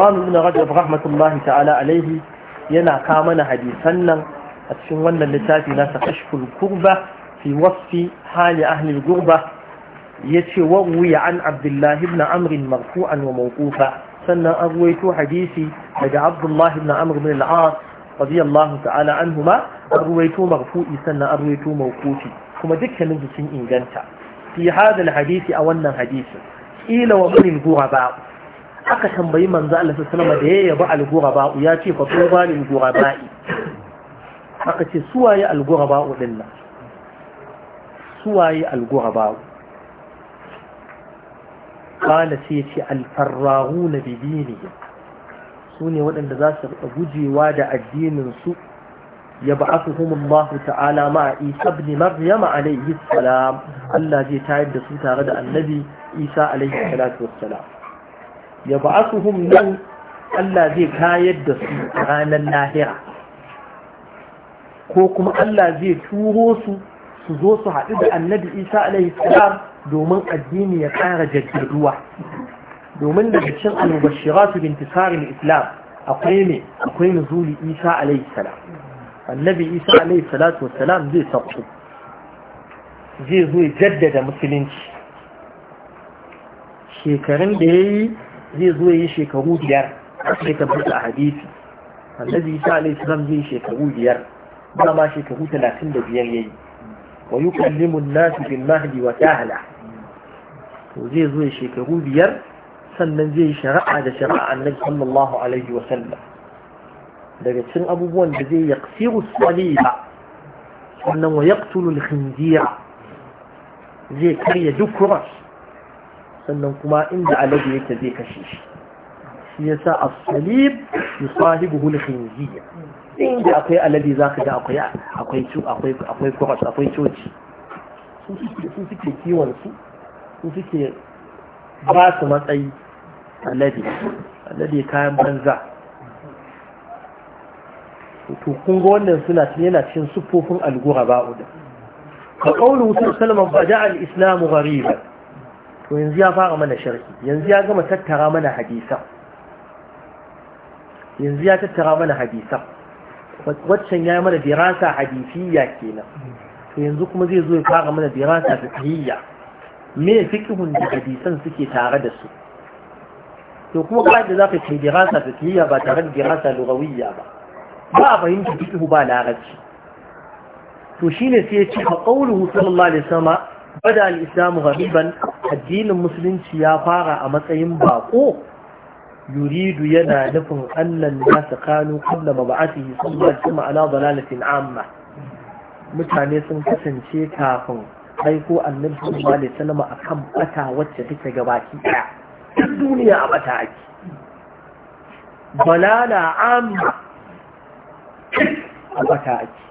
imam ibn rajab rahmatullahi ta'ala alaihi yana ka mana hadisan nan a cikin wannan littafi na kashful kurba fi wasfi hali ahli gurba yace wa ruwiya an abdullahi ibn amr marfu'an wa mawqufa sannan an ruwaito hadisi daga abdullahi ibn amr ibn al-as radiyallahu ta'ala anhuma an ruwaito marfu'i sannan an ruwaito mawqufi kuma dukkanin su sun inganta fi hadal hadisi a wannan hadisi ila wa min guraba aka tambayi manzo Allah sallallahu alaihi da ya yaba al-ghuraba ya ce fa tuba lil ghurabai aka ce suwaye al-ghuraba dinnan suwaye al-ghuraba qala sai ya ce al-farraghuna bi dinihim sune waɗanda za su gujewa da addinin su يبعثهم isa تعالى مع عيسى ابن Allah zai tayar da su tare da annabi Isa عليه الصلاة والسلام ya ba ba'asuhum nan Allah zai kayar da su ranar lahira ko kuma Allah zai turo su su zo su haɗu da annabi isa alaihi salam domin addini ya ƙara jaddaduwa domin daga cin al-mubashiratu bintisarin islam akwai ne akwai nuzuli isa alaihi salam annabi isa alaihi salatu wassalam zai sauko zai zo jaddada musulunci shekarun da ya yi zai zo yi shekaru biyar sai tabbata a hadisi annabi isa alaihi salam zai shekaru biyar ba ma shekaru talatin da biyar yayi wa yukallimu an-nas bil mahdi wa kahla to zai zo yi shekaru biyar sannan zai yi shari'a da shari'a annabi sallallahu alaihi wa sallam daga cikin abubuwan da zai yaqsiru saliba sannan wa yaqtulu al-khinzira zai karya duk kuras sannan kuma inda alade yake zai kashe shi shi yasa as-salib yusahibuhu al-khinzir inda akwai alade za ka akwai akwai akwai akwai akwai coci Sun suke kiwon su suke ba su matsayi alade alade kayan banza to kun wannan suna yana cin sufofin al ba'udu ka ƙaunin sallallahu alaihi ba ja'al islamu ghariban to yanzu ya fara mana sharhi yanzu ya gama tattara mana hadisan yanzu ya tattara mana hadisan waccan ya yi mana dirasa hadisiyya kenan to yanzu kuma zai zo ya fara mana dirasa fiqhiyya me fiqhun da hadisan suke tare da su to kuma ka da zaka ce dirasa fiqhiyya ba tare da dirasa lugawiyya ba ba a fahimci fiqhu ba larabci to shine sai ya ce fa qawluhu sallallahu alaihi wasallam bada al'islamu habiban addinin musulunci ya fara a matsayin bako yuridu yana nufin annan nasu kanu kabla maba'atihi sun ba kuma ala dalalatin amma mutane sun kasance kafin aiko annabi sallallahu alaihi wasallam akan bata wacce take gabaki daya duniya a bata ake balala amma a bata ake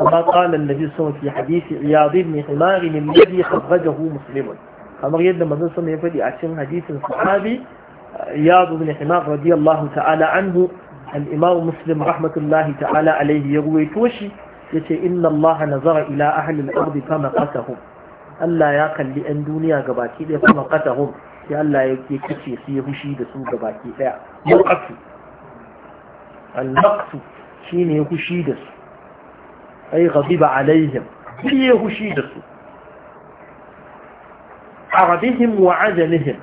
كما قال النبي صلى الله عليه وسلم في حديث عياض بن حمار الذي خرجه مسلم كما يد ما نسمى صلى يفدي عشان حديث الصحابي عياض بن حمار رضي الله تعالى عنه الإمام مسلم رحمة الله تعالى عليه يروي توشي يتي إن الله نظر إلى أهل الأرض فمقتهم ألا يقل لأن دنيا قباكي لي فمقتهم يا ألا يكتشي سيهشي دسو قباكي لا مقت المقت شين يهشي دسو ai ghadiba alaihim sai ya hushi da su arabihim wa ajamihim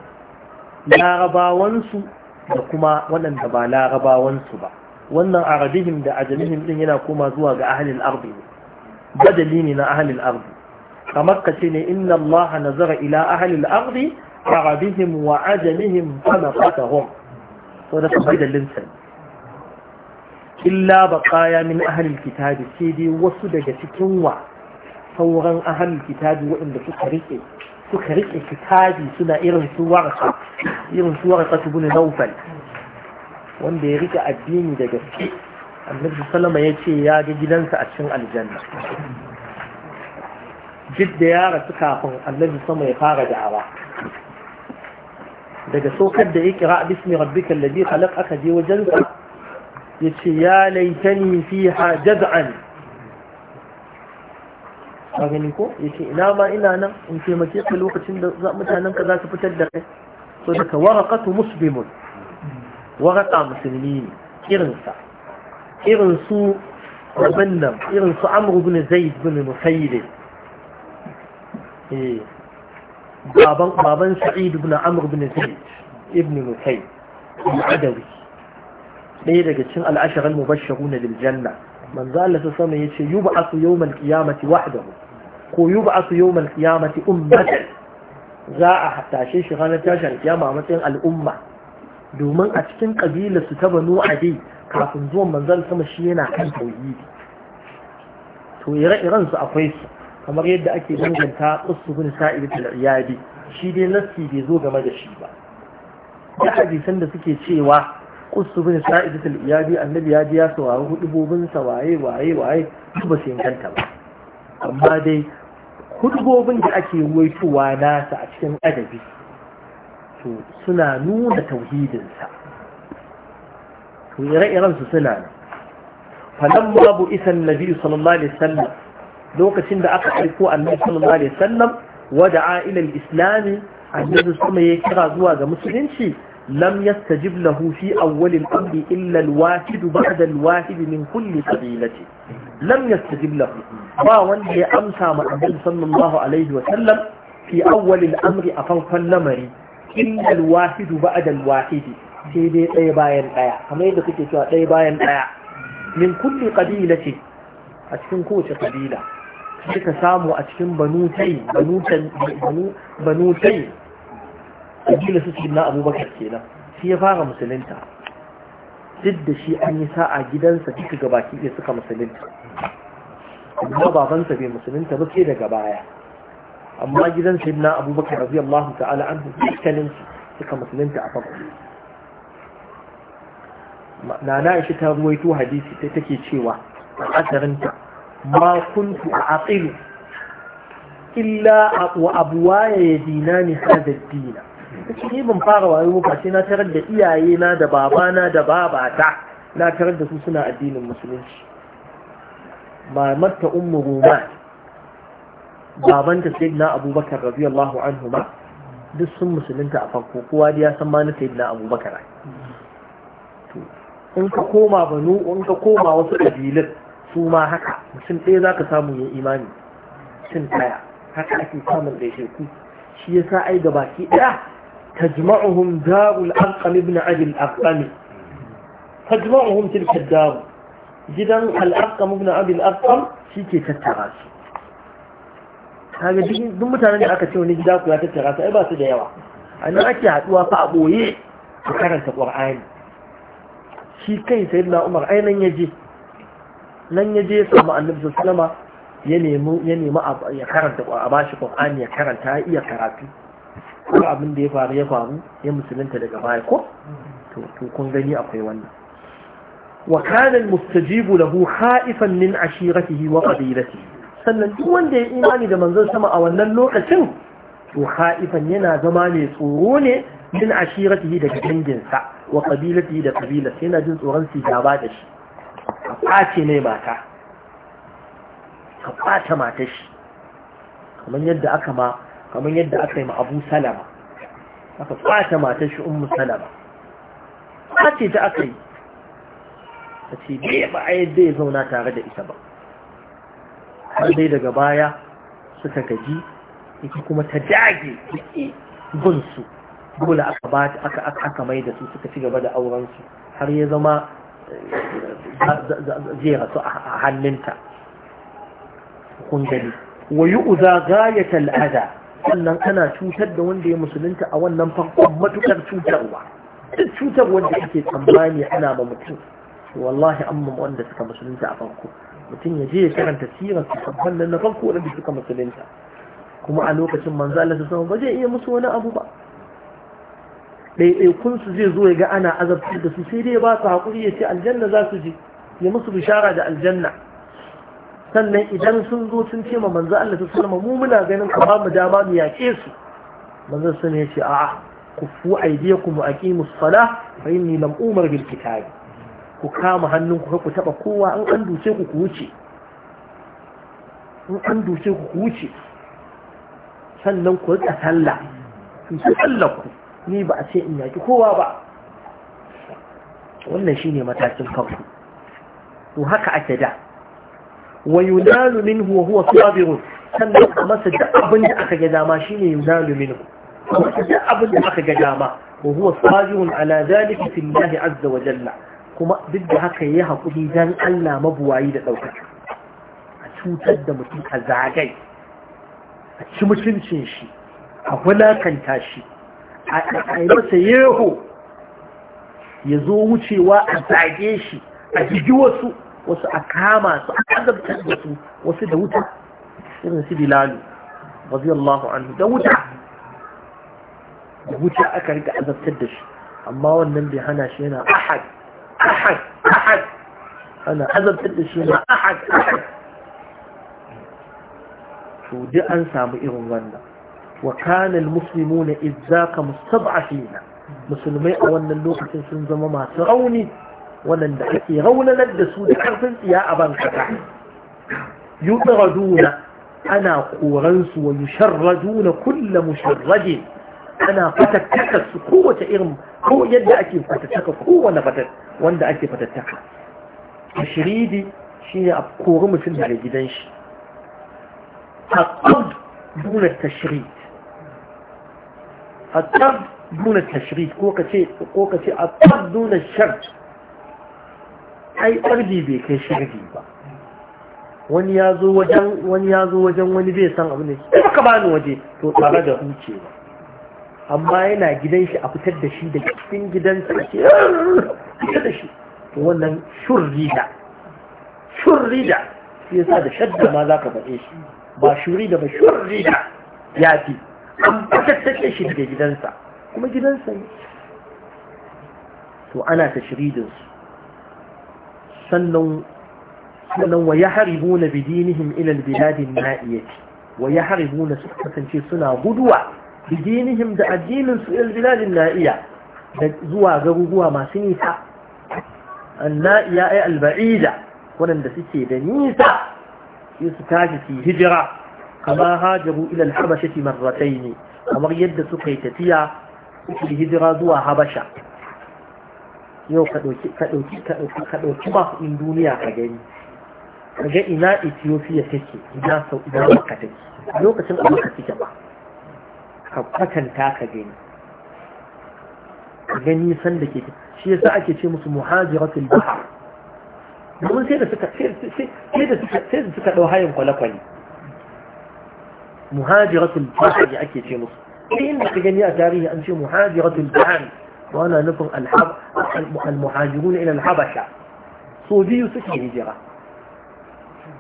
larabawansu da kuma waɗanda ba larabawansu ba wannan arabihim da ajamihim din yana koma zuwa ga ahlil ardi badali ne na ahlil ardi kamar ka ce ne inna Allah nazara ila ahlil ardi arabihim wa ajamihim fa nafatuhum to da da sai illa baqaya min ahlil kitabi sai dai wasu daga cikin wa sauran ahlil kitabi waɗanda suka rike suka rike kitabi suna irin su warasa irin su ibn nawfal wanda ya rike addini da gaske annabi sallama ya ce ya ga gidansa a cikin aljanna duk da ya rasu kafin annabi sama ya fara da'awa daga sokar da ya kira bismi rabbika alladhi khalaq aka je wajensa ya ce ya laitani fi hajjaz'an a gani ko ya ce ina ma ina nan in taimake ka lokacin da mutanen ka za su fitar da kai so daga warakatu musulmin waraƙa musulmi ne irinsa irin rabin nan irinsu su bin zaid bin musayyid eh, baban sa'id bin amr bin zaid ibn musayyid al-adawi ɗaya daga cikin al'asharar mubasharu na biljanna manzo Allah ta sama ya ce yi ba a su yau mal kiyamati mu. ko yi ba a su yau mal kiyamati za a tashe shi ranar tashin kiyama a matsayin al'umma domin a cikin ƙabilar su ta banu adi kafin zuwan manzan sama shi yana kan tauhidi to ire-iren su akwai su kamar yadda ake danganta usu bin sa'id da iyadi shi dai nassi bai zo game da shi ba da hadisan da suke cewa ƙusu bin sa'id da iyadi annabi ya ji ya saurari hudubobin sa waye waye waye ba su inganta ba amma dai hudubobin da ake waituwa nasa a cikin adabi to suna nuna tauhidinsa to ire-iren su suna nan falan babu isan nabi sallallahu alaihi wasallam lokacin da aka aiko annabi sallallahu alaihi wasallam wada'a ila al-islam annabi sama ya kira zuwa ga musulunci lam yastajib lahu fi awwal al-amr illa al-wahid ba'da al-wahid min kulli qabilati lam yastajib lahu ba wanda ya amsa ma annabi sallallahu alaihi wa sallam fi awwal amri amr a farkon lamari illa al-wahid ba'da al-wahid sai dai ɗaya bayan ɗaya kamar yadda kuke cewa ɗaya bayan ɗaya min kulli a cikin kowace kabila sai samu a cikin banutai kabila su na abubakar kenan shi ya fara musulunta duk da shi an yi sa'a gidansa duka gabaki ɗaya suka musulunta amma babansa bai musulunta ba sai daga baya amma gidan na abubakar radiyallahu ta'ala anhu dukkanin suka musulunta a farko nana aisha ta ruwaito hadisi ta take cewa a asarinta ma kuntu a aqilu illa wa abwaya yadinani hadha ad-dina ta ce ban fara wayo ba sai na tarar da iyaye na da babana da babata na tarar da su suna addinin musulunci mamarta ummu babanta na abubakar radiyallahu anhu ma duk sun musulunta a farko kowa da ya san ma na na abubakar in ka koma banu in ka koma wasu kabilun su ma haka mutum ɗaya za ka samu yin imani cin ɗaya haka ake samun ɗaya shi yasa ai gabaki ɗaya تجمعهم دار الأرقم ابن عدي الأرقم تجمعهم تلك الدار جدا الأرقم ابن عدي الأرقم شيكي تتراسي kaga duk mutanen da aka ce wani gida ku ya tattara su ai ba da yawa a nan ake haduwa fa a boye ku karanta qur'ani shi kai sayyidina umar ai nan yaje nan ya samu annabi ya ya karanta a bashi ƙur'ani ya karanta ya iya karatu ko abin da ya faru ya faru ya musulunta daga baya ko to kun gani akwai wannan wa kana almustajibu lahu khaifan min ashiratihi wa qabilatihi sannan duk wanda ya imani da manzon sama a wannan lokacin to khaifan yana zama ne tsoro ne min ashiratihi daga danginsa wa qabilatihi da qabilarsa yana jin tsoron su gaba da shi a kwace ne mata ka kwace mata shi kamar yadda aka ma kamar yadda aka yi ma abu salama aka kwata matar shi ummu salama kwace ta aka yi ta ce bai ba a yadda ya zauna tare da ita ba har dai daga baya suka gaji ita kuma ta dage bin su dole aka ba aka aka mai da su suka ci gaba da auren su har ya zama eh, zai rasu a hannunta kun gani wa yu'za ghayatal adha sannan kana cutar da wanda ya musulunta a wannan farkon matukar cutarwa duk cutar wanda ake tsammani ana ba mutum wallahi amma wanda suka musulunta a farko mutum ya je ya karanta sirar su sabban nan na farko wanda suka musulunta kuma a lokacin manzo Allah sallallahu ba zai iya musu wani abu ba ɗaiɗaikun su zai zo ya ga ana azabtar da su sai dai ba su haƙuri ya ce aljanna za su je ya musu bishara da aljanna sannan idan sun zo sun ce ma manzo Allah sallama mu muna ganin ka ba mu dama mu yaƙe su manzo sun ya ce a'a kufu aydiyakum wa aqimus salah fa inni lam umar bil kitab ku kama hannun ku ku taba kowa an an duce ku ku wuce in an duce ku ku wuce sannan ku rika sallah ku sallah ku ni ba a ce in yaki kowa ba wannan shine matakin farko to haka ake da wa yunalu minhu wa sannan a masa da abin da aka ga dama shine yunalu minhu a masa abin da aka ga dama wa huwa sabirun ala zalika fillahi azza wa jalla kuma duk da haka yayi hakuri dan Allah mabuwayi da daukaka a cutar da mutum a zagai a ci mutuncin shi a wulakanta shi a yi masa yeho ya zo wucewa a zage shi a jigi wasu wasu a kama su a azabtar da su wasu da wuta irin su bilalu radiyallahu anhu da wuta da wuta aka rika azabtar da shi amma wannan bai hana shi yana ahad ahad ahad ana azabtar da shi yana ahad ahad to duk an samu irin wannan wa kana almuslimuna idzaka mustad'afina musulmai a wannan lokacin sun zama masu rauni waɗanda ake raunanar da su da ƙarfin tsiya a ban kasa yuɗaraduna ana koransu wa yusharraduna kulla musharraje ana fatattaka su kowace irin ko yadda ake fatattaka kowane fatat wanda ake fatattaka tashiridi shine a kori mutum daga gidan shi الطرد دون التشريد الطرد دون التشريد قوقتي قوقتي الطرد دون الشرد ai ƙarfi bai kai shirgi ba wani ya zo wajen wani ya zo wajen wani bai san abin da ke baka bani waje to tare da huce ba amma yana gidan shi a fitar da shi da cikin gidan sa ke fitar da shi to wannan shurrida shurrida shi yasa da shadda ma ka bace shi ba shurrida ba shurrida ya fi an fatattake shi daga gidansa kuma gidansa ne to ana ta tashridinsu sannan sannan wa yahribuna bidinihim ila albilad an-na'iyah wa yahribuna su kasance suna guduwa bidinihim da addinin su ilal albilad an da zuwa garuruwa masu nisa an-na'iya ay al-ba'ida suke da nisa sai su tashi su hijira kama hajaru ila al-habashati marratayn kamar yadda suka yi tafiya suke hijira zuwa habasha yau ka ɗauki ka ɗauki ba in duniya ka gani ka ga ina ethiopia take ina sau ina maka take lokacin a maka take ba ka kwatanta ka gani ka gani san da ke shi yasa ake ce musu muhajiratul bahar domin sai da suka sai da suka sai da ɗau hayan kwale-kwale muhajiratul bahar ake ce musu sai inda ka gani a tarihi an ce muhajiratul bahar وانا nufin المهاجرون الى الحبشة so biyu suke hijira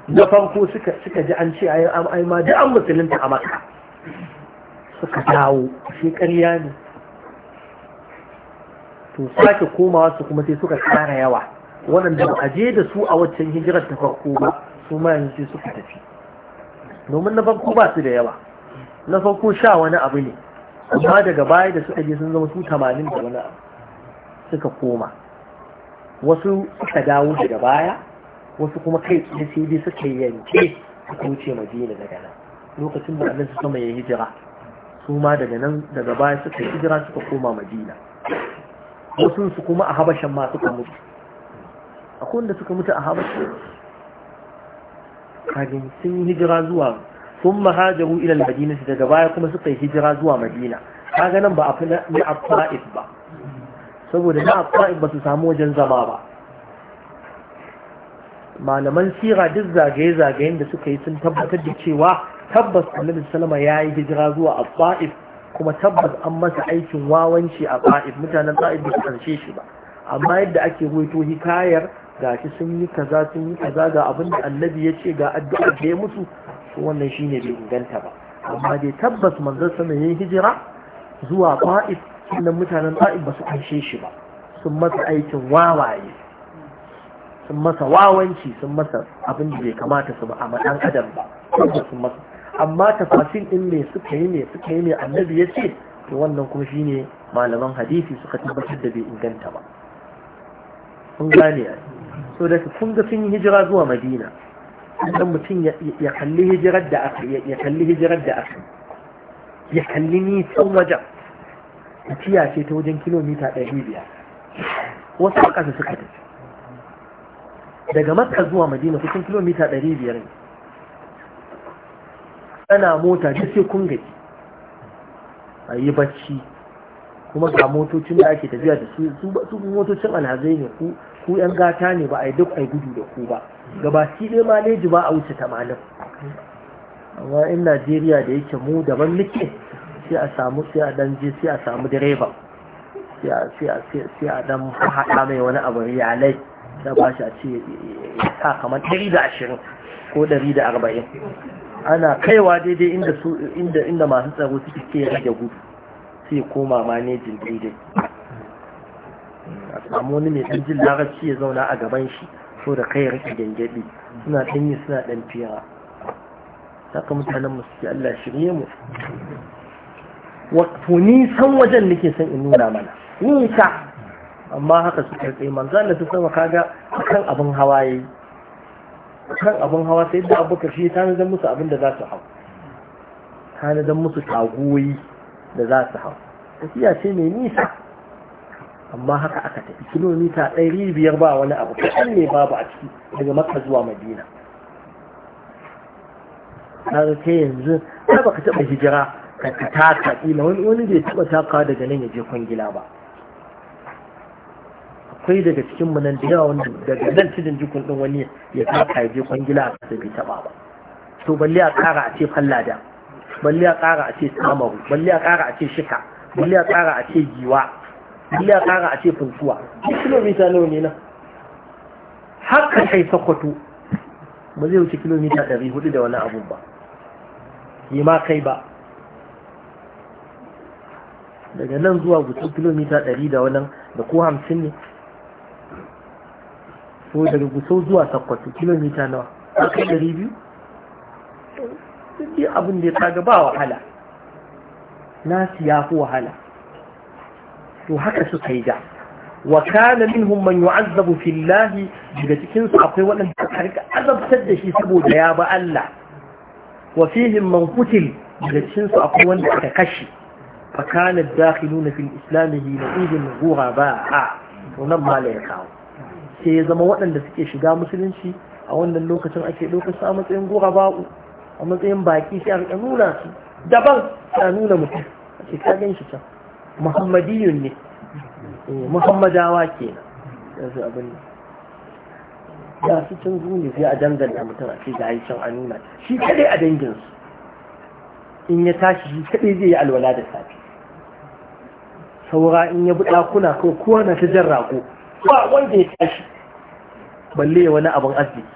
na farko suka ji an ce ai ma da an musulunta a maka suka dawo shi ne to sake komawa su kuma sai suka tsara yawa waɗanda ba a je da su a waccan hijirar ta farko ba su ma sai suka tafi domin na farko da yawa na farko sha wani abu ne amma daga baya da suka je sun zama su tamanin da wani suka koma wasu suka dawo daga baya wasu kuma kai tsaye sai dai suka yanke suka wuce madina daga nan lokacin da annabi sama ya hijira su ma daga nan daga baya suka hijira suka koma madina wasu su kuma a habashan ma suka mutu akwai wanda suka mutu a habashan kagin sun hijira zuwa baya kuma suka yi hijira zuwa madina, هجرة زوا ba a نبا ni a fa'id ba, saboda na fa'id ba su samu wajen zama ba malaman sira duk zagaye-zagayen da suka yi sun tabbatar da cewa tabbas annabi salama ya yi hijira zuwa a fa'id kuma tabbas an masa aikin wawanci a fa'id mutanen fa'id ba su karshe shi ba amma yadda ake hoito hikayar gashi sun yi kaza sun yi kaza ga abin annabi ya ce ga addu'ar da ya mutu. to wannan shi ne bai inganta ba amma dai tabbas manzan sama yi hijira zuwa ba'if sannan mutanen ba'if ba su kanshe shi ba sun masa aikin wawaye sun masa wawanci sun masa abin da bai kamata su ba a matan adam ba sun masa amma tafasin din me suka yi ne? suka yi ne annabi ya ce to wannan kuma shi ne malaman hadisi suka tabbatar da bai inganta ba kun gane so da kun ga sun yi hijira zuwa madina dan mutum ya kalli hijirar da aka ya kalli hijirar da aka ya kalli nisan wajen tafiya ce ta wajen kilomita ɗari biyar wasu a ƙasa suka tafi daga makka zuwa madina kusan kilomita ɗari biyar ne ana mota duk sai kun gaji a yi bacci kuma ga motocin da ake tafiya da su su motocin alhazai ne ku ku yan gata ne ba a yi duk a gudu da ku ba ma ne ji ba a wuce tamanin amma in najeriya da yake mu daban nike sai a samu sai a dan je sai a samu direba sai a dan haɗa mai wani abu riyalai da ba shi a ce eh, eh, sa kamar 120 ko 140 ana kaiwa daidai inda masu tsaro suke rage gudu sai koma manejin daidai a samu wani mai ɗan jin larabci ya zauna a gaban shi so da kai rike gyangyaɗi suna ɗan yi suna ɗan fira saka mutanen musu ke Allah shirye mu wato ni san wajen nake son in nuna mana nisa amma haka su karɓe manzo Allah su sama kaga kan abin hawa yi kan abin hawa sai da abokan shi ta nazar musu abin da za su hau ta nazar musu tagoyi da za su hau tafiya ce mai nisa amma haka aka tafi kilomita ɗari biyar ba wani abu kaɗan ne babu a ciki daga maka zuwa madina ta ke yanzu ta baka taɓa hijira ka taka ƙila wani wani bai taɓa takawa daga nan ya je kwangila ba akwai daga cikin mu nan da yawa wanda daga nan cikin jikun ɗin wani ya taka ya je kwangila a kasa bai taɓa ba to balle a ƙara a ce fallada balle a ƙara a ce samaru balle a ƙara a ce shika balle a ƙara a ce giwa ya kara a ce funtuwa kilomita nawa ne na haka kai sakwato ba zai wuce kilomita 400 da wani abu ba yi ma kai ba daga nan zuwa wuce kilomita 100 da wani da ko 50 ne so daga gusau zuwa sakwato kilomita nawa haka kai 200 duk abin da ya kaga ba wahala na siya fi wahala to haka suka yi da wa kana minhum man yu'azzabu fillahi daga cikin su akwai waɗanda aka rika azabtar da shi saboda ya ba Allah wa fihim man qutil daga cikin su akwai wanda aka kashi fa kana dakhiluna fil islam hina'idin ghuraba to nan ma la kawo sai ya zama waɗanda suke shiga musulunci a wannan lokacin ake lokaci a matsayin ghuraba a matsayin baki sai a rika nuna su daban a nuna mutum a cikin gan shi can muhammadiyun ne muhammadawa ke yanzu abin ya su cin zuni sai a danganta mutum a ce da aishan can anuna shi kadai a danginsu in ya tashi shi kadai zai yi alwala da safe saura in ya buɗa kuna ko kowa na ta jan rago ba wanda ya tashi balle ya wani abin arziki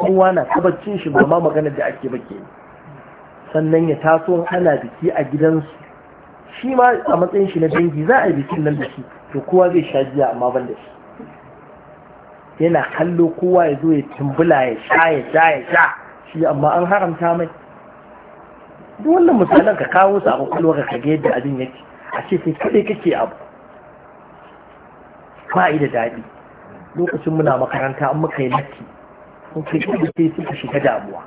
kowa na tabbacin shi ba ma maganar da ake ba ke sannan ya taso ana biki a gidansu shi ma a matsayin shi na dangi za a yi bikin nan da shi to kowa zai sha jiya amma ban da shi yana kallo kowa ya zo ya tumbula ya sha ya sha ya sha shi amma an haramta mai duk wannan misalan ka kawo su a kwakwalwar ka ga yadda abin yake a ce sai kaɗai kake abu ba da daɗi lokacin muna makaranta an muka yi latti sun kai kai suka shiga damuwa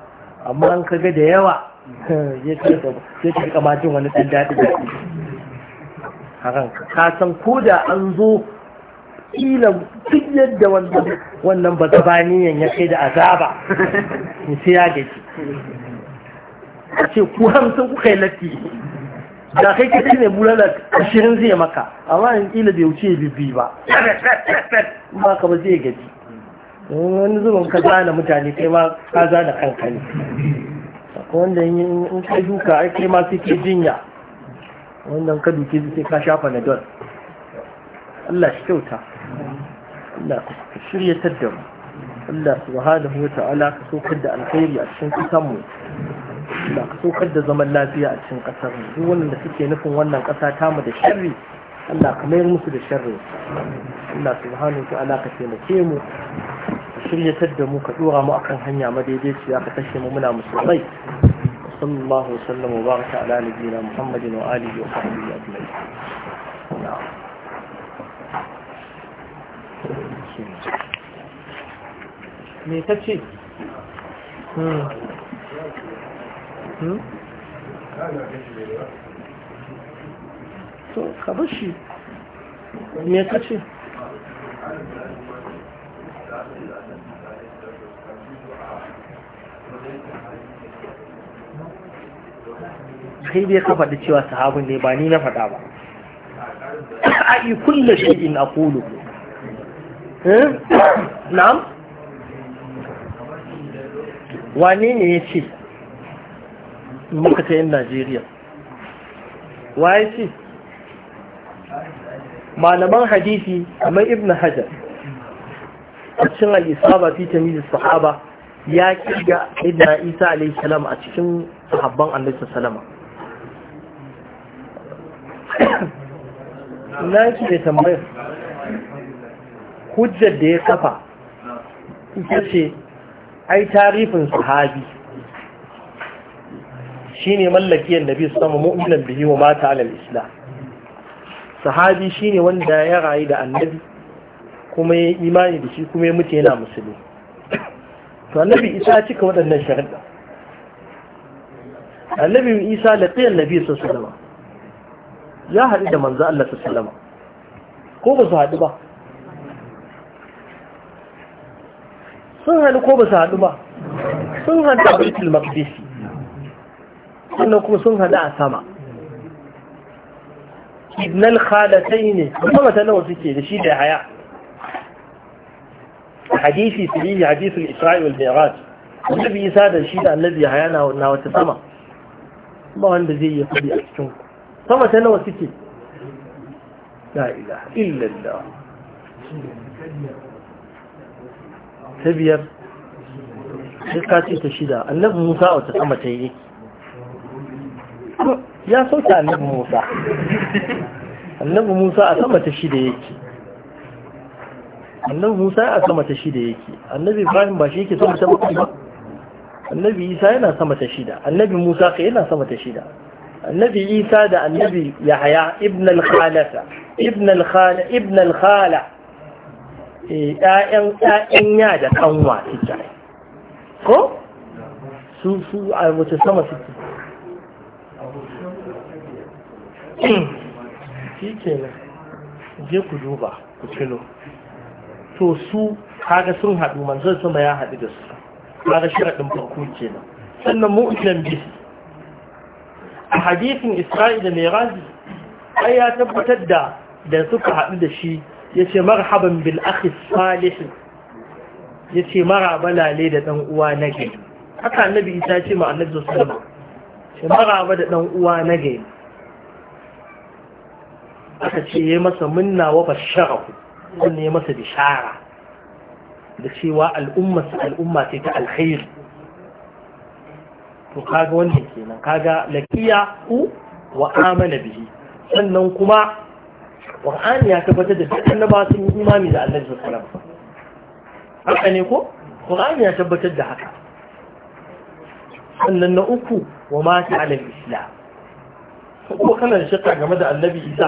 amma an kaga da yawa ya ce rika jin wani ɗan daɗi da hakan ka san ko da an zo ƙila duk yadda wannan ba zabaniyan ya kai da azaba ni sai ya gaji a ce ku hamsin kuka yi latti da kai ka ne bulala ashirin zai maka amma in ƙila bai wuce bibbi ba ba ka ba zai gaji wani zubin ka zana mutane kai ma ka zana kanka ne wanda in ka duka ai kai ma suke ke jinya wannan ka duke sai ka shafa na don Allah shi kyauta Allah shirya tadda mu Allah subhanahu wa ala ka sokar da alkhairi a cikin kasar mu Allah ka sokar da zaman lafiya a cikin kasar mu duk wanda suke nufin wannan kasa ta mu da sharri Allah ka mayar musu da sharri Allah subhanahu wa ta'ala ka taimake mu shiryatar da mu ka dora mu akan hanya madaidaiciya aka kashe mu muna musulmai sallallahu wasallam wa baraka ala nabiyina muhammadin wa alihi wa sahbihi ajma'in me ta ce hmm. Hmm? to ka bar shi me ta ce kai dai ka faɗi cewa sahabin ne ba ni na faɗa ba a yi kulle in a kulu na'am wane ne ya ce muka ta yin najeriya waye ce malaman hadisi kamar ibn hajar a cikin al'isaba fi ta tamyiz sahaba ya kirga idan Isa alayhi salam a cikin sahabban Annabi salama na yake da tambayar hujjar da ya kafa ita ce ai tarifin sahabi shine mallakiyar nabi sama mu'minan bihi wa mata alal islam sahabi shine wanda ya rayu da annabi kuma ya imani da shi kuma ya mutu yana musulmi to annabi isa cika waɗannan sharuɗa annabi isa laqiyan nabi sallallahu ya haɗu da manzo Allah sallallahu ko ba su haɗu ba sun haɗu ko ba su haɗu ba sun haɗu a baitul maqdis sannan kuma sun haɗu a sama ibnal khalatayn kuma mata nawa suke da shi da haya حديثي سيدي حديث الإسراء والمعراج النبي سادة الشيء الذي حيانا وناوة سما ما عند زي يقضي أكتنك سما تنوى ستي لا إله إلا الله تبير sai تشيدا النبي موسى musa wata sama ta yi ya sauke annabi musa annabi musa a sama annabi musa a sama ta shida yake annabi ibrahim ba shi yake sama ta bakwai ba annabi isa yana sama ta shida annabi musa ka yana sama ta shida annabi isa da annabi yahaya ibn al-khalasa ibn al-khala ibn al-khala eh, ƴaƴan ƴaƴan ya da kanwa suke ko su su a wace sama suke shi kenan je ku duba ku cilo to su kaga sun haɗu manzon sama ya haɗu da su kaga sharaɗin farko kenan sannan mu'lan bi a hadisin Isra'ila mai razi ai ya tabbatar da da suka haɗu da shi yace marhaban bil akhi salih yace maraba lale da dan uwa na gari haka annabi isa ce ma annabi sallallahu alaihi wasallam mara maraba da dan uwa na gari aka ce yayi masa minna wa basharahu kunne masa bishara da cewa su al'umma ce ta alkhairi to kaga wannan kenan kaga laqiya ku wa amana bihi sannan kuma Qur'ani ya tabbatar da duk annaba sun yi imani da Annabi sallallahu alaihi haka ne ko Qur'ani ya tabbatar da haka sannan na uku wa mata alal islam ko kana da shakka game da Annabi Isa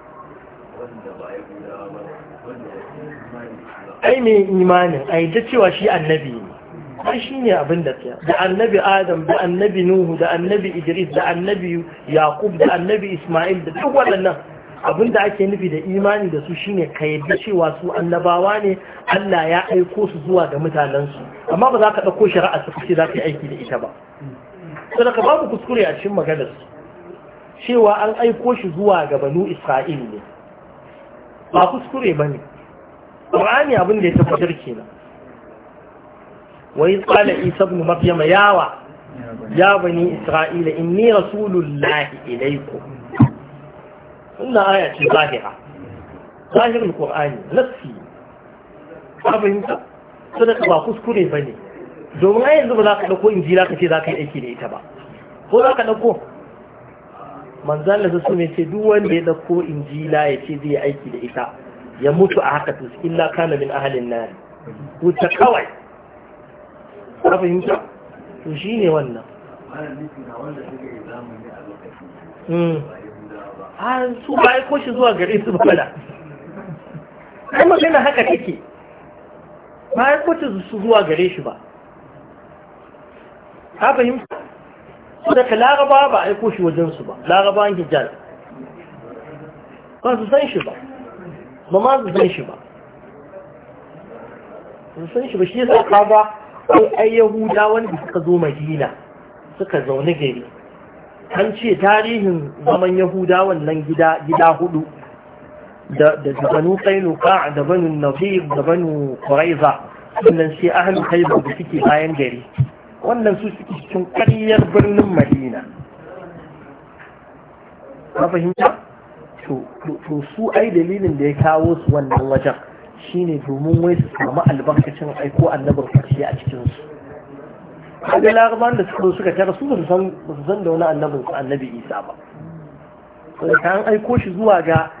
ai mai imanin a ta cewa shi annabi ne ai shi ne abin da da annabi adam da annabi nuhu da annabi idris da annabi yakub da annabi isma'il da duk waɗannan abin da ake nufi da imani da su shine ka yadda cewa su annabawa ne Allah ya aiko su zuwa ga mutanensu amma ba za ka ɗauko shari'a su kace za ka yi aiki da ita ba Sadaka babu kuskure a cikin maganar cewa an aiko shi zuwa ga banu isra'il ne ba kuskure ba ne ƙur'ani abin da ya tabbatar na. wai tsala isa mafiya maryama yawa ya bani isra'ila inni rasulullahi ilaikum wannan aya ce zahira zahirin ƙur'ani nassi ka fahimta da ba kuskure ba ne domin a yanzu ba za ka ɗauko za ka ce za ka yi aiki da ita ba ko za ka ɗauko manzan da su ne ce duk wanda ya dauko injila ya ce zai aiki da ita ya mutu a haka tus illa kana min ahalin nar wuta kawai ka fahimta to shine wannan an hmm. ah, su ba ya koshi zuwa gare su bala ai magana haka take ba ya koshi su zuwa gare shi ba ka fahimta daga laraba ba a aiko shi wajensu ba laraba an hijjaz ba su san shi ba ba ma su san shi ba su san shi ba shi yasa ka ba ai yahuda wanda suka zo madina suka zaune gari an ce tarihin zaman yahuda wannan gida hudu da banu kainuka da banu nafir da banu kuraiza sannan sai ahalu kaiba da suke bayan gari wannan su suke cikin ƙaryar birnin madina na fahimta to su ai dalilin da ya kawo su wannan wajen shine domin wai su samu albarkacin aiko annabar karshe a cikinsu kaga larabar da suka suka tara su ba su san da wani annabin su annabi isa ba to da an aiko shi zuwa ga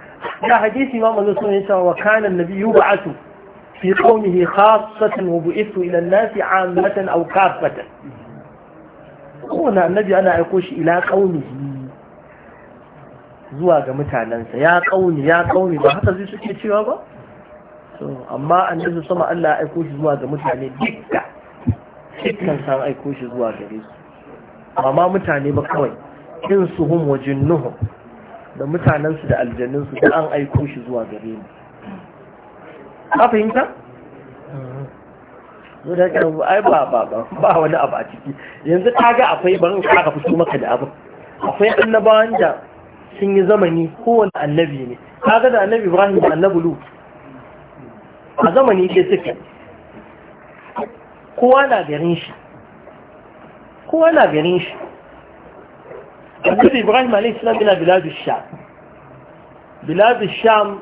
ya hadisi ma manzo sun yi cewa kana annabi ba'atu في قوله خاصة وبئثت إلى الناس عامة أو كافة هنا النبي أنا أقولش إلى قومه zuwa ga mutanensa ya kauni ya kauni ba haka zai suke cewa ba amma annabi sama Allah ya aiko shi zuwa ga mutane dukka dukkan san aiko shi zuwa gare su amma mutane ba kawai in su hum wa jinnuhum da mutanensu da aljannunsu da an aiko shi zuwa gare mu ka fahimta zo da kan ai ba ba ba wani abu a ciki yanzu ta ga akwai ban aka fito maka da abu akwai annabawan da sun yi zamani kowane annabi ne ga da annabi Ibrahim da annabi lu a zamani ke suke kowa na garin shi kowa na garin shi annabi Ibrahim alayhi salam yana biladu sham biladu sham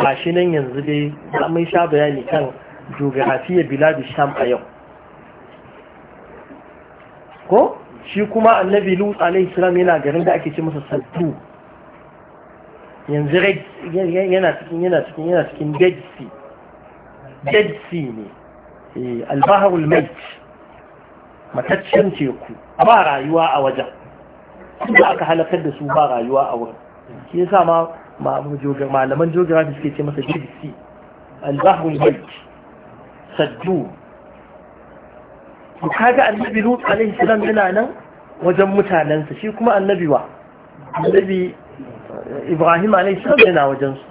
ba shi nan yanzu dai za mai sha bayani kan geografiya biladu sham a yau ko shi kuma annabi lut alaihi salam yana garin da ake ce masa sattu yanzu yana cikin yana cikin yana cikin dead ne eh, albaharul mait matacciyar teku ba rayuwa a wajen kuma aka halakar da su ba rayuwa a wurin shi yasa ma malaman geografi suke ce masa jibsi albahrul bait saddu kaga annabi lut alaihi salam yana nan wajen mutanensa shi kuma annabi wa annabi eh, ibrahim alaihi salam yana wajen su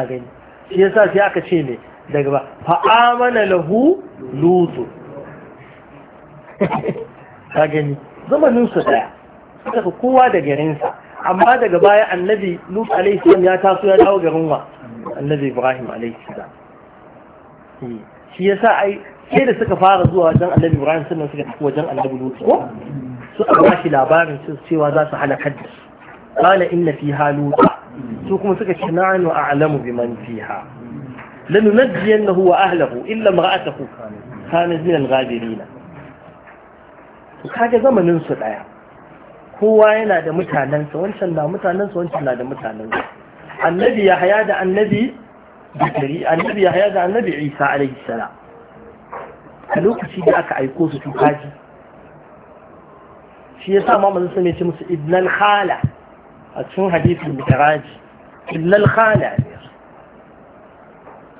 a gani shi yasa sai aka ce ne daga ba fa'amana lahu lutu A gani zamanin su daya suka kowa da garinsa amma daga baya annabi lut alaihi ya taso ya dawo garin wa annabi ibrahim alaihi salam eh, shi yasa ai sai da suka fara zuwa wajen annabi ibrahim sannan suka tafi wajen annabi lut ko su ba shi labarin su cewa za su halakar da su qala inna fiha luta su kuma suka ce na'anu a'lamu biman fiha lanunajjiyannahu wa ahlihi illa imra'atahu kanat min al-ghabirin kaga zamanin su daya kowa yana da mutanensa wancan na mutanensa wancan na da mutanensa annabi ya haya da annabi bikari annabi ya haya da annabi isa alaihi sala a lokaci da aka aiko su tukaji shi ya sa mamanin sun ce musu idnal khala a cikin hadithin mutaraji idnal khala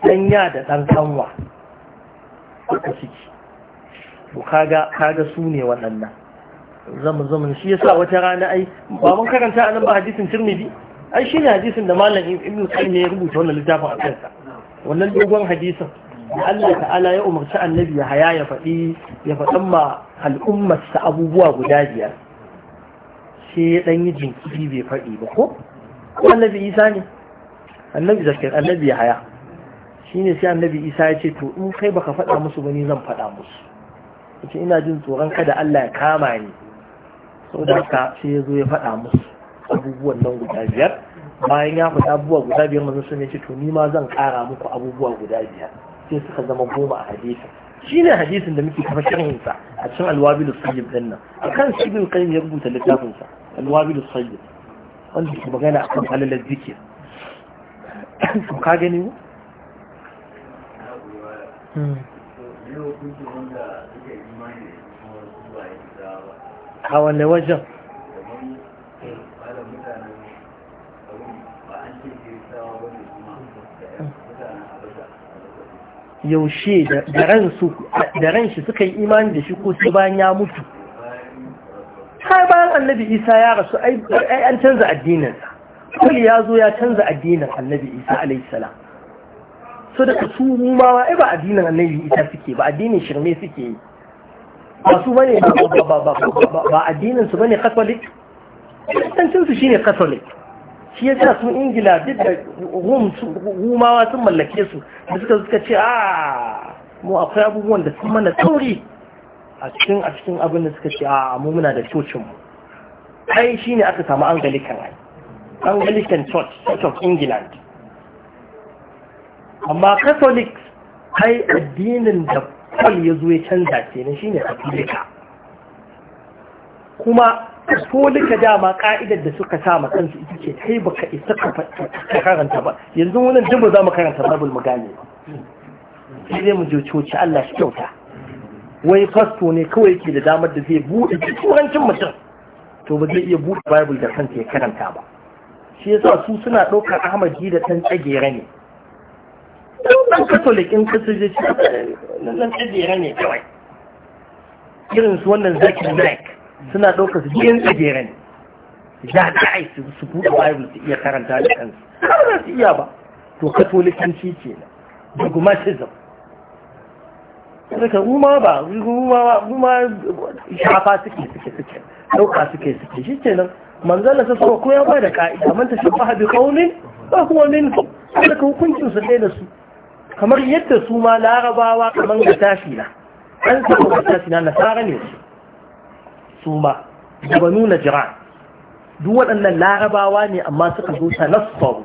ne ya da ɗan kanwa ko ciki to kaga su ne waɗannan Zaman-zaman shi yasa wata rana ai ba mun karanta a nan ba hadisin tirmidhi ai shi ne hadisin da malam ibn qayyim ya rubuta wannan littafin a kansa wannan dogon hadisin da Allah ta'ala ya umarci annabi ya haya ya faɗi ya faɗan ma al'ummarsa abubuwa guda biyar sai ya ɗan yi jinkiri bai faɗi ba ko ko annabi isa ne annabi zakir annabi ya haya shi ne sai annabi isa ya ce to in kai baka faɗa musu ba ni zan faɗa musu yace ina jin tsoron kada Allah ya kama ni so da haka sai ya zo ya faɗa musu abubuwan nan guda biyar bayan ya faɗa abubuwa guda biyar mazan sun ce to ni ma zan ƙara muku abubuwa guda biyar sai suka zama goma a hadisin ne hadisin da muke kafa shirinsa a cikin alwabil sayyid din nan a kan sibin qayyim ya rubuta littafinsa sa sayyid wanda ke magana kan halalar zikir to ka gani mu hmm. a wane wajen yaushe da ran shi suka yi imani da shi ko su bayan ya mutu sai bayan annabi isa ya rasu ai an canza addininsa kuli ya zo ya canza addinin annabi isa alaihissalam so daga su ma ai ba addinin annabi isa suke ba addinin shirme suke yi ba bane ba addinin su bane catholic kristancinsu ne catholic shi sa sun ingila duk da rumawa sun mallake su da suka suka ce a ah, mu akwai abubuwan da sun mana tsauri a cikin a cikin abin da suka ce a ah, mu muna da cocinmu ai shi ne aka samu anglican ai anglican church church of england amma catholic ai addinin da kwal ya zo ya canza kenan shine katolika kuma katolika dama ka'idar da suka sa makansu ita ce kai baka isa ka karanta ba yanzu wani dubu za mu karanta babul mu gane sai dai mu je coci Allah shi kyauta wai fasto ne kawai ke da damar da zai buɗe turancin mutum to ba zai iya buɗe bible da kanta ya karanta ba shi yasa su suna ɗaukar ahmadi da ɗan tsagera ne ɗan katolik in ka suje shi nan tsibira ne kawai irin su wannan zaki naik suna ɗauka su biyan tsibira ne ya ta ai su buɗe bible su iya karanta da kansu har za su iya ba to katolikanci ce na dogmatism suka ruma ba ruma ba ruma shafa suke suke suke ɗauka suke suke shi kenan manzala sa suka koya ba da ka'ida man ta shafa bi qaumin fa huwa minhum daga hukuncin su ɗaya da su kamar yadda su ma larabawa kamar da na an saka da na nasara ne su su ma da banu jira duk waɗannan larabawa ne amma suka zo ta nasfaru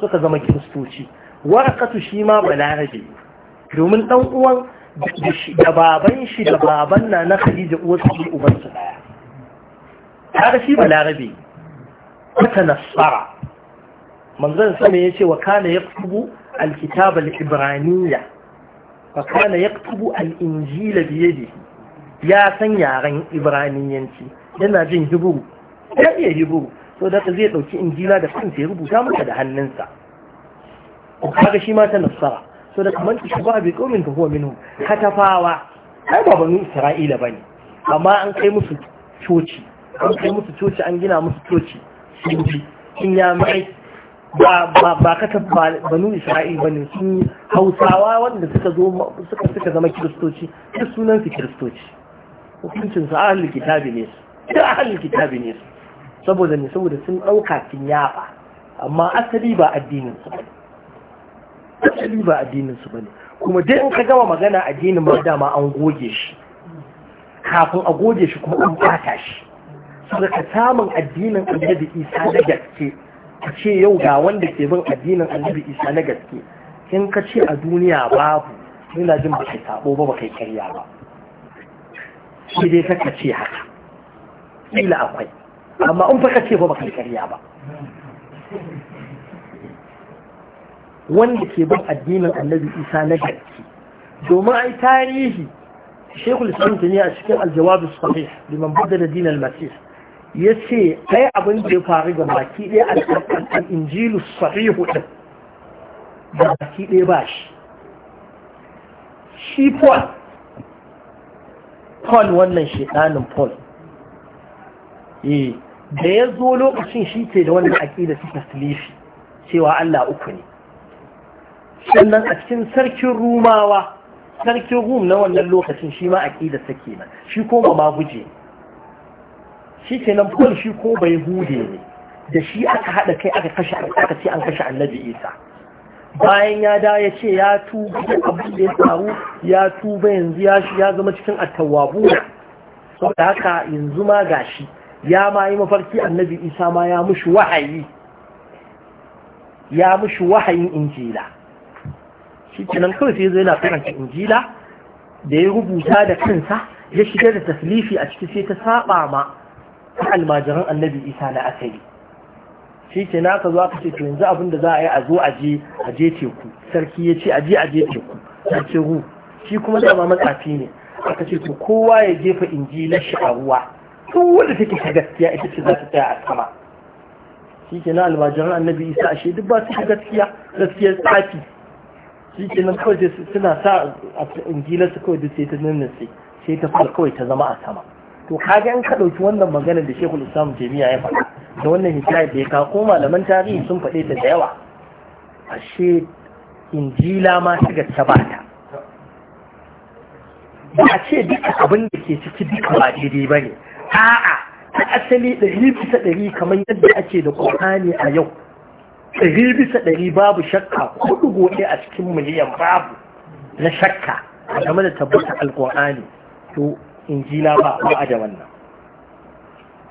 suka zama kiristoci warakatu shi ma ba larabe domin ɗan uwan da baban shi da baban na na khadija uwar su uban su daya kaga shi ba larabe ta nasara manzon sama ce wa kana kubu? الكتاب الإبرانية فكان يكتب الإنجيل بيده يا سن يارن إبرانيانتي yana jin hibiru ya iya hibiru so da ka zai ɗauki injila da kansa ya rubuta maka da hannunsa kaga shi ma ta nasara so da kamar shi ba bi ka huwa minhum hatafawa ai ba banu isra'ila bane amma an kai musu coci an kai musu coci an gina musu coci sun in ba kata banu isra'il ba ne sun hausawa wanda suka zama kiristoci duk sunansu kiristoci hukuncinsu a halin kitabi ne su a halin kitabi ne su saboda ne saboda sun ɗauka sun yaba amma asali ba addininsu ba ne asali ba addininsu ba ne kuma dai in ka gama magana addinin ba dama an goge shi kafin a goge shi kuma an bata shi saboda ka samun addinin da isa da gaske Ka ce yau ga wanda ke bin addinin annabi isa na gaske in ka ce a duniya babu yana jin ba kai sabo ba ba kai karya ba shi dai ka ce haka kila akwai amma in fa ka ce ba ba kai karya ba wanda ke bin addinin annabi isa na gaske domin ai tarihi shekul islam ne a cikin aljawabi sahih liman badala din masih ya ce kai abin da ya faru ga maki ɗaya al'adar injilu sahihu ɗin da maki ɗaya ba shi shi paul paul wannan shekanin paul eh, da ya zo lokacin shi ke da wannan aƙida su taslifi cewa allah uku ne sannan a cikin sarkin rumawa sarkin rum na wannan lokacin shi ma aƙida sake nan shi koma ma guje ne shi ke nan paul shi ko bai hude ne da shi aka haɗa kai aka kashe aka ce an kashe annabi isa bayan ya da ya ce ya tuba abin da ya faru ya tuba yanzu ya shi ya zama cikin attawabu saboda haka yanzu ma gashi ya ma yi mafarki annabi isa ma ya mushi wahayi ya mushi wahayin injila shi kenan kawai sai zai na karanta injila da ya rubuta da kansa ya shigar da taslifi a ciki sai ta saba ma ta almajiran annabi isa na asali shi ke na aka zo aka ce to yanzu abin da za a yi a zo a je a je teku sarki ya ce a je a je teku ce ru shi kuma dama matsafi ne aka ce to kowa ya jefa injilar shi a ruwa tun wanda take ta gaskiya ita ce za ta tsaya a sama shi ke na almajiran annabi isa ashe duk ba su gaskiya gaskiyar tsafi shi ke nan kawai suna sa injilar su kawai duk sai ta nannan sai sai ta kawai ta zama a sama to kaga an ka ɗauki wannan magana da shekul islam jami'a ya faɗa da wannan hikayar da ya kawo ko malaman tarihi sun faɗe ta da yawa ashe injila ma ta ta ba ta ba a ce duka abin da ke ciki duka ba daidai ba ne a'a ta asali ɗari bisa ɗari kamar yadda ake da ƙur'ani a yau ɗari bisa ɗari babu shakka ko ɗigo ne a cikin miliyan babu na shakka game da tabbata alƙur'ani to injila ba ba a da wannan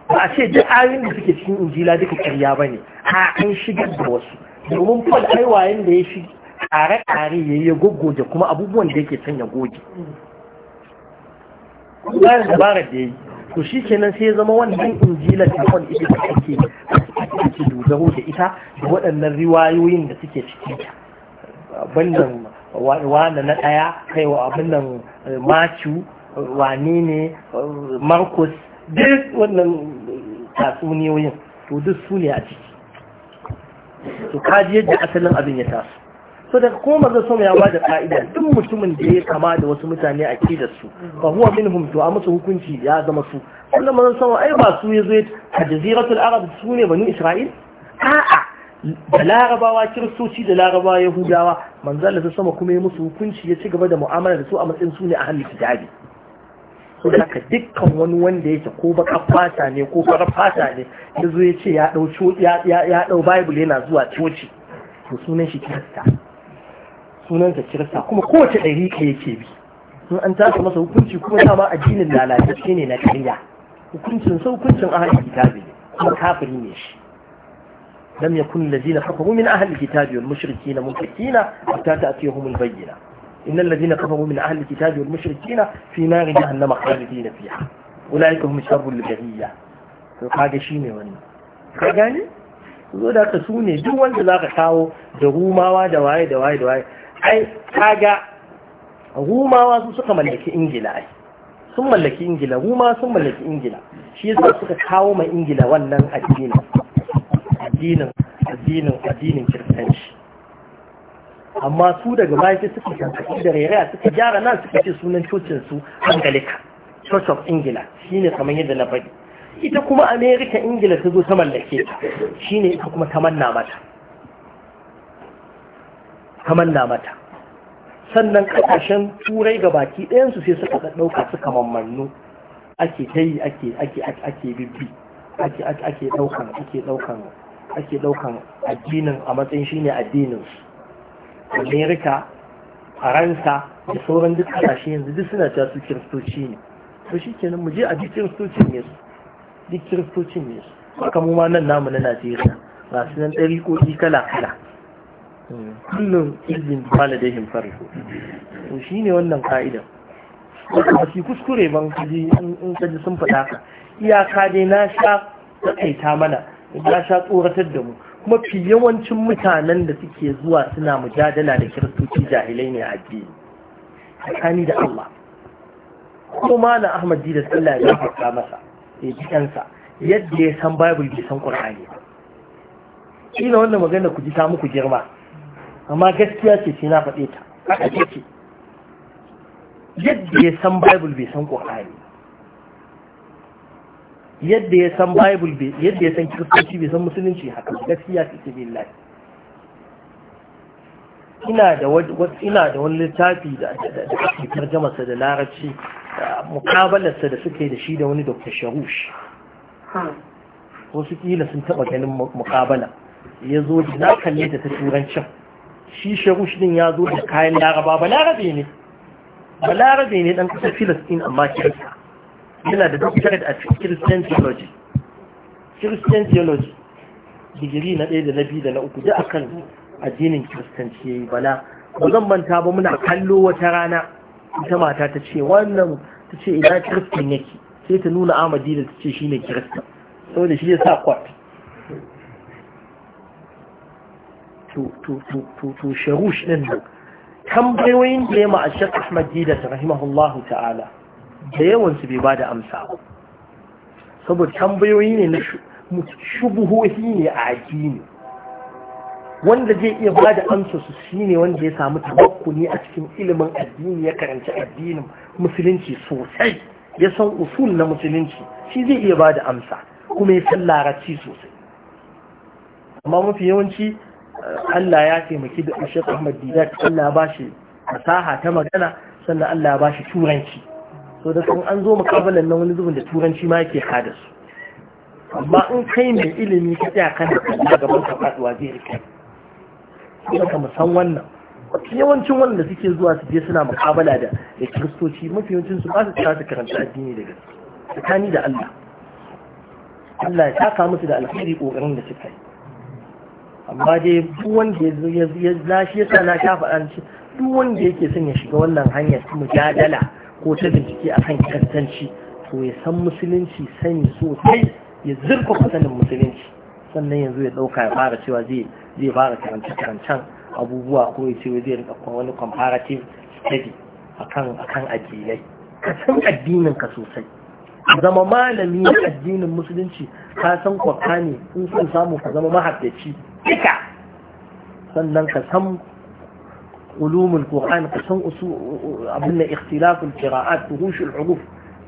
ba a ce duk ayoyin da suke cikin injila duka ƙarya ba ne a an shigar da wasu domin paul aiwayen da ya shi kare-kare ya yi kuma abubuwan da yake sanya ya goge kuma dabarar da ya yi to shi kenan sai ya zama wannan injila ta paul ita da ake ake dogaro da ita da waɗannan riwayoyin da suke cikin ta wannan wa na ɗaya kaiwa abin nan eh, macu Wanene, ne markus duk wannan tatsuniyoyin to duk su ne a ciki to kaji yadda asalin abin ya taso so daga kuma manzo sama ya bada ka'ida duk mutumin da ya kama da wasu mutane a ke da su fa huwa min to a musu hukunci ya zama su wannan manzo sama ai ba su yazo a jaziratul arab su ne banu isra'il a'a da larabawa kiristoci da larabawa yahudawa manzo Allah sama kuma ya musu hukunci ya ci gaba da mu'amala da su a matsayin su ne a hannun kitabi so da dukkan wani wanda yake ko baka fata ne ko farar fata ne ya zo ya ce ya ɗau bible yana zuwa coci to sunan shi kirista sunansa kirista kuma kowace ka yake bi in an tashi masa hukunci kuma dama addinin lalatacce ne na ƙarya hukuncin sa hukuncin ahalin kitabi ne kuma kafiri ne shi lam yakun lazina kafaru min ahalin kitabi wal mushrikina munfikina hatta ta'tiyahum al bayyina إن الذين كفروا من أهل الكتاب والمشركين في نار جهنم خالدين فيها أولئك هم شر البرية kaga shi ne wani ka gani zo da ka su ne duk wanda za ka kawo da rumawa da waye da waye da waye ai kaga rumawa su suka mallaki ingila ai sun mallaki ingila rumawa sun mallaki ingila shi yasa suka kawo mai ingila wannan addinin addinin addinin addinin kiristanci amma su daga baya suka shankaki da rairaya suka gyara nan suka ce sunan cocin su angalika church of ingila shi ne kamar yadda na faɗi ita kuma america ingila ta zo ta mallake shi ne ita kuma ta manna mata ta manna mata sannan kasashen turai ga baki ɗayansu sai suka ɗauka suka mammannu ake ta yi ake ake ake bibbi ake ake ɗaukan ake ɗaukan ake ɗaukan addinin a matsayin shi ne addininsu. amerika faransa da sauran duk kasashe yanzu duk suna ta su kiristoci ne to shi kenan mu je a duk kiristoci ne su duk kiristoci ne su haka mu ma nan namu na najeriya ga su nan koki kala kala hmm. kullum izin bala da farko to shi ne wannan ka'idan ba su kuskure ban kaji in kaji sun faɗa ka iyaka dai na sha ta mana na sha tsoratar da mu mafi yawancin mutanen da suke zuwa suna mujadala da kiristoci jahilai ne a addini tsakani da Allah ko na Ahmad da sallah ya faɗa masa ya ji kansa yadda ya san Bible bai san Qur'ani ba ina wannan magana ku ji ta muku girma amma gaskiya ce sai na faɗe ta haka take yadda ya san Bible bai san Qur'ani yadda ya san bible yadda ya san kiristoci bai san musulunci haka gaskiya suke billahi ina da ina da wani littafi da da ake tarjama sa da larabci sa da suke da shi da wani dr sharush wasu kila sun taba ganin mukabala ya zo da na kalle ta ta turancin shi sharush din ya zo da kayan laraba ba larabe ne ba larabe ne dan kasar filistin amma kirista yana da doctorate a Christian theology Christian theology digiri na ɗaya da na biyu da na uku da akan addinin kiristanci yi bala ba zan manta ba muna kallo wata rana ita mata ta ce wannan ta ce ina kiristin yake sai ta nuna amadi da ta ce shi ne kirista saboda shi ya sa kwat to sharush ɗin nan tambayoyin da ya ma'ashar ahmad didat rahimahullahu ta'ala da yawan su bai ba da amsa ba saboda tambayoyi ne na shubuhohi ne a addini wanda zai iya ba da amsa su shi wanda ya samu ne a cikin ilimin addini ya karanci addinin musulunci sosai ya san usul na musulunci shi zai iya ba da amsa kuma ya san larabci sosai amma mafi yawanci eh, Allah ya taimaki da Sheikh Ahmad Didat Allah ba shi fasaha ta magana sannan Allah ba shi turanci so da kan an zo mukabalan nan wani zubin da turanci ma yake kada su amma in kai mai ilimi ka tsaya kan da kan gaban ka faduwa zai rike kuma ka musan wannan yawancin wanda suke zuwa su je suna makabala da da kiristoci mafi yawancin su ba su tsaya su karanta addini daga tsakani da Allah Allah ya taka musu da alheri kokarin da suka yi amma dai duk wanda ya ya lashi yasa na sha faɗa duk wanda yake son ya shiga wannan hanyar mujadala ko ta bincike a kan kiristanci to ya san musulunci sani sosai ya zirka kusanin musulunci sannan yanzu ya ɗauka ya fara cewa zai fara karance-karancen abubuwa ko ya ce zai rika wani comparative study akan kan addinai ka san addinin ka sosai zama malami na addinin musulunci ka san kwakwani sun samu ka zama mahaddaci duka sannan ka san ulumul qur'an ka san usu abin ikhtilaful qira'at tuhushul huruf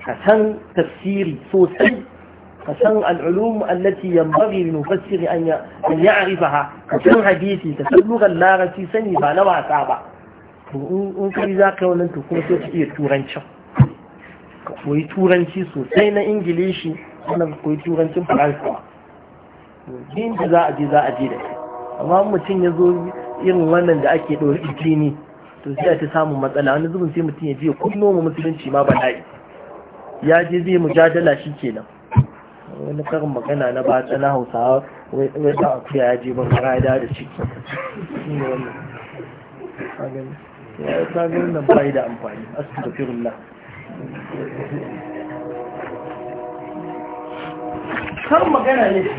ka san tafsiri sosai ka san al'ulum allati yanbaghi lil mufassir an ya'rifaha ka san hadisi ka san lugar larabci sani ba na wasa ba to in kai za ka yi kuma sai ka iya turancin ka turanci sosai na ingilishi wannan koyi turancin faransawa din za a je za a je da amma mutum ya zo irin wannan da ake ɗori ikini to sai ta samu matsala wani zubin sai mutum ya je kuno mu musulunci ma bala'i ya je zai mujadala shi kenan wani karin magana na ta na hausawa wai ta akuya ya je ban rada da ciki shi ne wannan ya ta nan bai da amfani kan magana ne